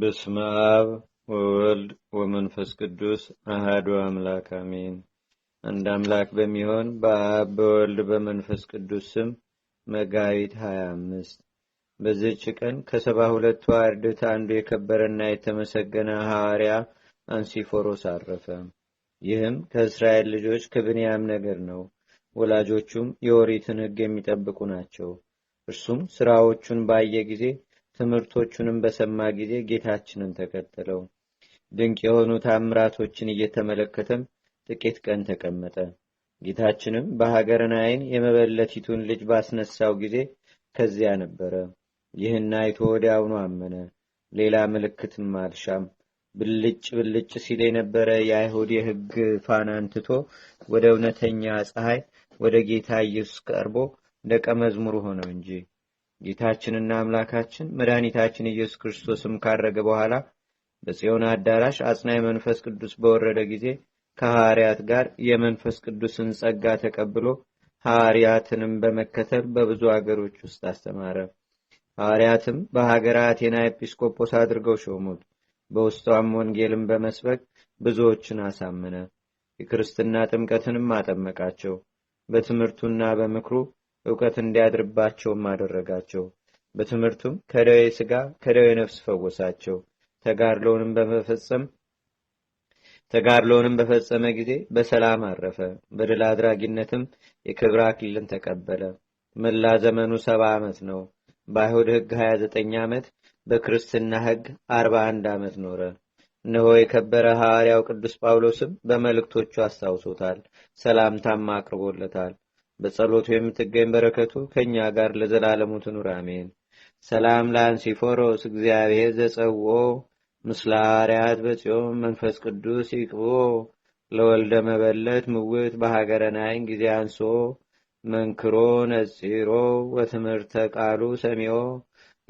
በስመ አብ ወወልድ ወመንፈስ ቅዱስ አህዱ አምላክ አሜን። አንድ አምላክ በሚሆን በአብ በወልድ በመንፈስ ቅዱስ ስም መጋቢት 25 በዚህች ቀን ከሰባ ሁለቱ አርድእት አንዱ የከበረና የተመሰገነ ሐዋርያ አንሲፎሮስ አረፈ። ይህም ከእስራኤል ልጆች ከብንያም ነገር ነው። ወላጆቹም የኦሪትን ሕግ የሚጠብቁ ናቸው። እርሱም ሥራዎቹን ባየ ጊዜ ትምህርቶቹንም በሰማ ጊዜ ጌታችንን ተከተለው። ድንቅ የሆኑ ታምራቶችን እየተመለከተም ጥቂት ቀን ተቀመጠ። ጌታችንም በሀገርን አይን የመበለቲቱን ልጅ ባስነሳው ጊዜ ከዚያ ነበረ። ይህን አይቶ ወዲያውኑ አመነ። ሌላ ምልክትም አልሻም። ብልጭ ብልጭ ሲል የነበረ የአይሁድ የህግ ፋናንትቶ ወደ እውነተኛ ፀሐይ ወደ ጌታ ኢየሱስ ቀርቦ ደቀ መዝሙር ሆነው እንጂ ጌታችንና አምላካችን መድኃኒታችን ኢየሱስ ክርስቶስም ካረገ በኋላ በጽዮን አዳራሽ አጽናይ መንፈስ ቅዱስ በወረደ ጊዜ ከሐዋርያት ጋር የመንፈስ ቅዱስን ጸጋ ተቀብሎ ሐዋርያትንም በመከተል በብዙ አገሮች ውስጥ አስተማረ። ሐዋርያትም በሀገረ አቴና ኤጲስቆጶስ አድርገው ሾሙት። በውስጧም ወንጌልን በመስበክ ብዙዎችን አሳመነ። የክርስትና ጥምቀትንም አጠመቃቸው። በትምህርቱና በምክሩ እውቀት እንዲያድርባቸውም አደረጋቸው። በትምህርቱም ከደዌ ሥጋ ከደዌ ነፍስ ፈወሳቸው። ተጋድሎውንም በመፈጸም በፈጸመ ጊዜ በሰላም አረፈ። በድል አድራጊነትም የክብር አክሊልን ተቀበለ። መላ ዘመኑ ሰባ ዓመት ነው። በአይሁድ ሕግ 29 ዓመት፣ በክርስትና ሕግ 41 ዓመት ኖረ። እነሆ የከበረ ሐዋርያው ቅዱስ ጳውሎስም በመልእክቶቹ አስታውሶታል፣ ሰላምታም አቅርቦለታል። በጸሎቱ የምትገኝ በረከቱ ከእኛ ጋር ለዘላለሙ ትኑር አሜን። ሰላም ለአንሲፎሮስ እግዚአብሔር ዘጸዎ ምስለ አርያት መንፈስ ቅዱስ ይቅቦ ለወልደ መበለት ምውት በሀገረ ጊዜ አንሶ መንክሮ ነጺሮ ወትምህርተ ቃሉ ሰሚዮ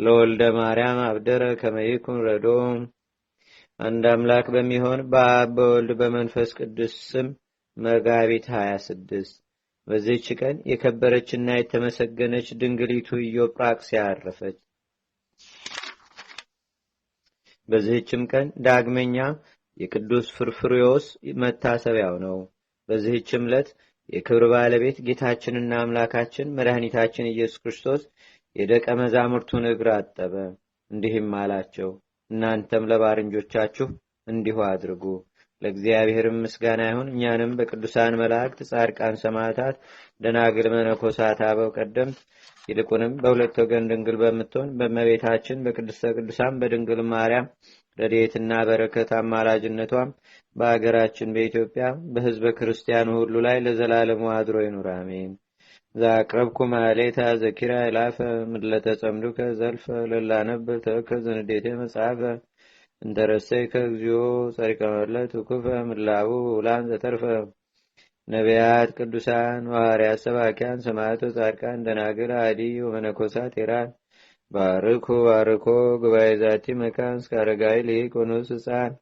ለወልደ ማርያም አብደረ ከመይኩን ረዶ አንድ አምላክ በሚሆን በአብ በወልድ በመንፈስ ቅዱስ ስም መጋቢት 26 በዚህች ቀን የከበረችና የተመሰገነች ድንግሊቱ ኢዮጵራክሲያ አረፈች። በዚህችም ቀን ዳግመኛ የቅዱስ ፍርፍሬዎስ መታሰቢያው ነው። በዚህችም ዕለት የክብር ባለቤት ጌታችንና አምላካችን መድኃኒታችን ኢየሱስ ክርስቶስ የደቀ መዛሙርቱን እግር አጠበ፣ እንዲህም አላቸው፣ እናንተም ለባርንጆቻችሁ እንዲሁ አድርጉ። ለእግዚአብሔርም ምስጋና ይሁን። እኛንም በቅዱሳን መላእክት፣ ጻድቃን፣ ሰማዕታት፣ ደናግል፣ መነኮሳት፣ አበው ቀደምት ይልቁንም በሁለት ወገን ድንግል በምትሆን በመቤታችን በቅድስተ ቅዱሳን በድንግል ማርያም ረዴትና በረከት አማላጅነቷም በአገራችን በኢትዮጵያ በህዝበ ክርስቲያኑ ሁሉ ላይ ለዘላለሙ አድሮ ይኑር፣ አሜን። ዘአቅረብኩ ማሌታ ዘኪራ ይላፈ ምድለተጸምዱከ ዘልፈ ለላነብብ ተከ ዘንዴቴ መጽሐፈ እንተ ከእግዚኦ እግዚኦ ጸሪቀ መለት ምላቡ ውላን ዘተርፈ ነቢያት፣ ቅዱሳን፣ ዋርያት፣ ሰባኪያን፣ ሰማያቶ ጻድቃን፣ ደናግል፣ አዲ ወመነኮሳት ቴራን ባርኮ ባርኮ ጉባኤ ዛቲ መካን እስከ አረጋዊ ልሂቅ ህፃን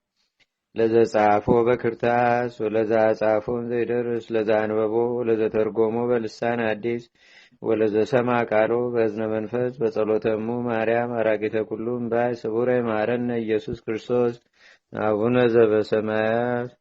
ለዘጻፎ በክርታስ ወለዛ ጻፎም ዘይደርስ ለዛ አንበቦ ለዘተርጎሞ በልሳን አዲስ ወለዘሰማ ቃሎ በእዝነ መንፈስ በጸሎተሙ ማርያም አራቂተ ኩሉ ባይ ስቡረ ማረነ ኢየሱስ ክርስቶስ አቡነ ዘበሰማያት